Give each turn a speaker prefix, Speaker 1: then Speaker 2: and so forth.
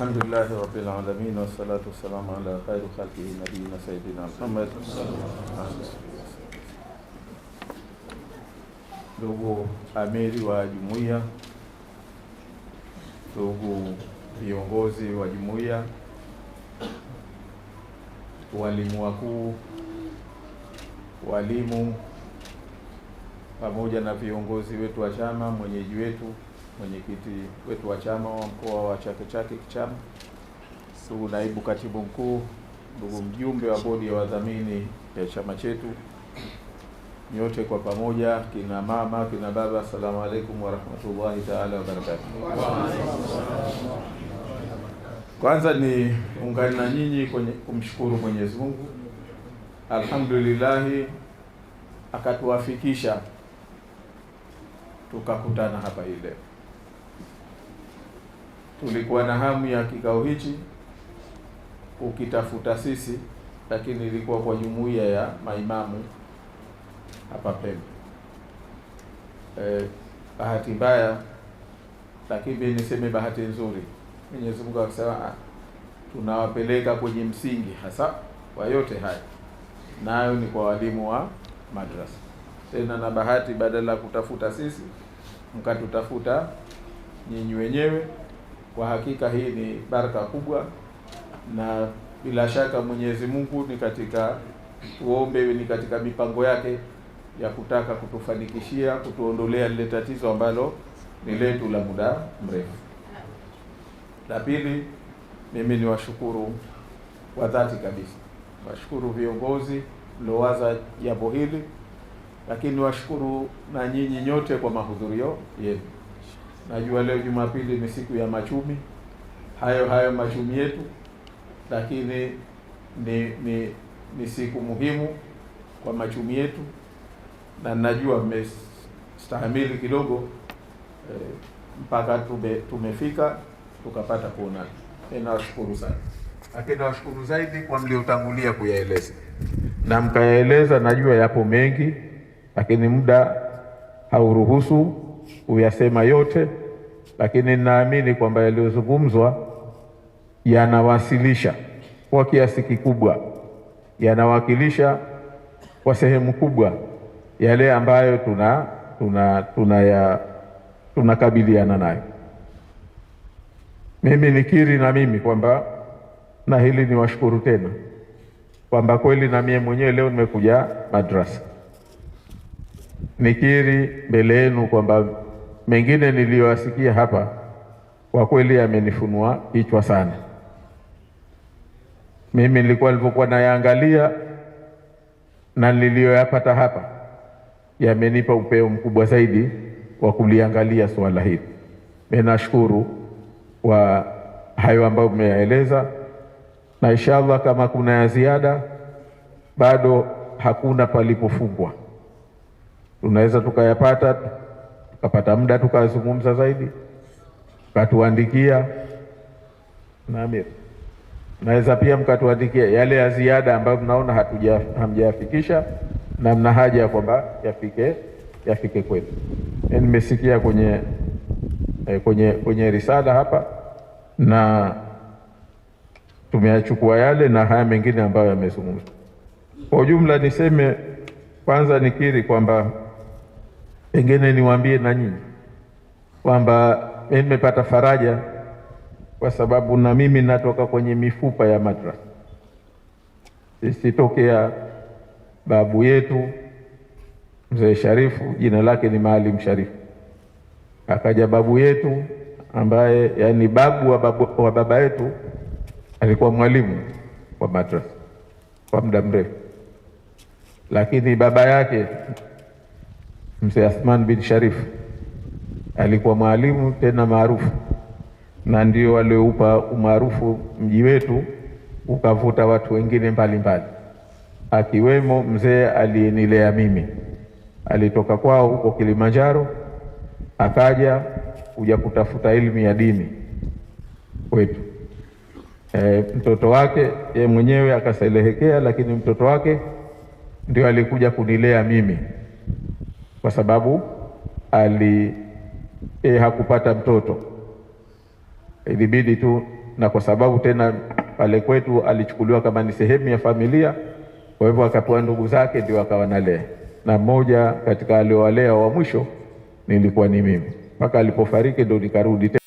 Speaker 1: الحمد لله رب العالمين والصلاة والسلام على خير خلقه نبينا سيدنا محمد ndugu amiri wa jumuiya, ndugu viongozi wa jumuiya, walimu wakuu, walimu pamoja na viongozi wetu wa chama, mwenyeji wetu mwenyekiti wetu wa chama wa mkoa wa Chake Chake Kichama, ndugu naibu katibu mkuu, ndugu mjumbe wa bodi ya wadhamini ya chama chetu, nyote kwa pamoja, kina mama, kina baba, assalamu alaikum warahmatullahi taala wabarakatuh. Kwanza ni ungani na nyinyi kwenye kumshukuru Mwenyezi Mungu, alhamdulillahi akatuwafikisha tukakutana hapa hii leo tulikuwa na hamu ya kikao hichi ukitafuta sisi, lakini ilikuwa kwa jumuiya ya maimamu hapa Pemba. Eh, bahati mbaya, lakini niseme bahati nzuri, Mwenyezi Mungu akasema ah, tunawapeleka kwenye msingi hasa wa yote haya, nayo ni kwa walimu wa madrasa. Tena na bahati, badala ya kutafuta sisi mkatutafuta nyinyi wenyewe. Kwa hakika hii ni baraka kubwa, na bila shaka Mwenyezi Mungu ni katika tuombe, ni katika mipango yake ya kutaka kutufanikishia, kutuondolea lile tatizo ambalo ni letu la muda mrefu. La pili, mimi ni washukuru kwa dhati kabisa, washukuru viongozi mliowaza jambo hili, lakini washukuru na nyinyi nyote kwa mahudhurio yenu. Najua leo Jumapili ni siku ya machumi, hayo hayo machumi yetu, lakini ni ni ni siku muhimu kwa machumi yetu, na najua mmestahimili kidogo eh, mpaka tume, tumefika tukapata kuonana. nawashukuru sana,
Speaker 2: lakini nawashukuru zaidi kwa mliotangulia kuyaeleza
Speaker 1: na mkayaeleza. Najua yapo mengi, lakini muda hauruhusu kuyasema yote, lakini ninaamini kwamba yaliyozungumzwa yanawasilisha kwa kiasi kikubwa, yanawakilisha kwa sehemu kubwa yale ambayo tuna tuna ya tunakabiliana nayo. Mimi nikiri na mimi kwamba na hili niwashukuru tena kwamba kweli na mie mwenyewe leo nimekuja madrasa nikiri mbele yenu kwamba mengine niliyoyasikia hapa kwa kweli yamenifunua kichwa sana. Mimi nilikuwa nilivyokuwa nayaangalia na niliyoyapata hapa yamenipa upeo mkubwa zaidi wa kuliangalia suala hili. Mimi nashukuru kwa hayo ambayo mmeyaeleza, na inshallah kama kuna ya ziada bado hakuna palipofungwa tunaweza tukayapata, tukapata muda tukazungumza zaidi, mkatuandikia nami naweza pia mkatuandikia yale ya ziada ambayo mnaona hatuja hamjayafikisha na mna haja ya kwamba yafike yafike kwetu. Yaani nimesikia kwenye eh, kwenye kwenye risala hapa na tumeyachukua yale na haya mengine ambayo yamezungumzwa. Kwa ujumla, niseme kwanza, nikiri kwamba Pengine niwaambie na nyinyi kwamba mimi nimepata faraja kwa sababu na mimi natoka kwenye mifupa ya madrasa. Sisi tokea babu yetu mzee Sharifu, jina lake ni Maalim Sharifu, akaja babu yetu ambaye yani babu wa, babu wa baba yetu alikuwa mwalimu wa madrasa kwa muda mrefu, lakini baba yake Mzee Athman bin Sharif alikuwa mwalimu tena maarufu, na ndio alioupa umaarufu mji wetu, ukavuta watu wengine mbalimbali, akiwemo mzee aliyenilea mimi. Alitoka kwao huko Kilimanjaro, akaja kuja kutafuta elimu ya dini kwetu. E, mtoto wake ye mwenyewe akaselehekea, lakini mtoto wake ndio alikuja kunilea mimi kwa sababu ali e, hakupata mtoto, ilibidi tu, na kwa sababu tena pale kwetu alichukuliwa kama ni sehemu ya familia, kwa hivyo akapewa ndugu zake ndio akawanalea, na mmoja katika aliowalea wa mwisho nilikuwa ni mimi mpaka alipofariki ndio nikarudi.